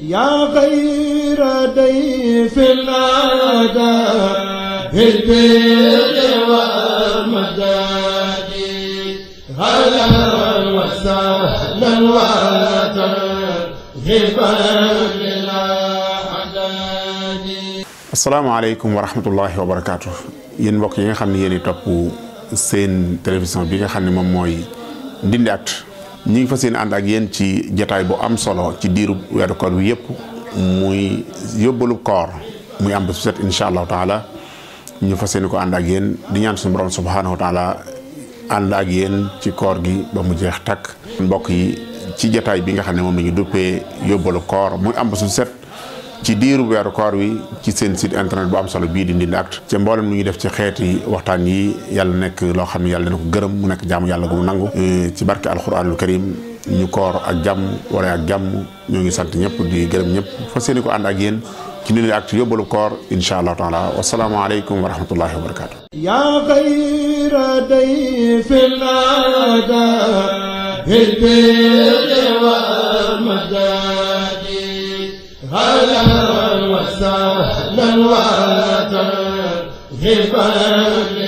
يا غير ضيف الأدى بالبر والمداد هلا وسهلا وترحبا للأعداد asalaamaaleykum wa rahmatullahi wa barakaatu yéen mbokk yi nga xam ne yéen a topp seen télévision bi nga xam ne moom mooy Ndindy Actu ñi ngi fas yéene ànd ak yéen ci jataay boo am solo ci diiru weeru koor bi yëpp muy yóbbalu koor muy am ba su set incha allahu taala ñu fas yéene ko ànd ak yéen di ñaan suñu borom subhanahu wa ànd ak yéen ci koor gi ba mu jeex takk. mbokk yi ci jataay bi nga xam ne moom la ñu duppee yóbbalu koor muy am ba su set ci diiru weeru koor wi ci seen site internet bu am solo bii di Ndindy Actu ca mboolem lu ñu def ci xeeti waxtaan yi yàlla nekk loo xam ne yàlla na ko gërëm mu nekk jaamu yàlla gu mu nangu e, ci barke alxuraanul karim ñu koor ak jàmm wala ak jàmm ñoo ngi sant ñëpp di gërëm ñëpp fa seeni ko ànd ak yéen ci Ndindy Actu yóbbalu koor insha allahu taala wasalaamu aleykum wa rahmatullahi wa barakatu yaa xayra day fil aada hil bi wa madad هلا وسهلا وترحبا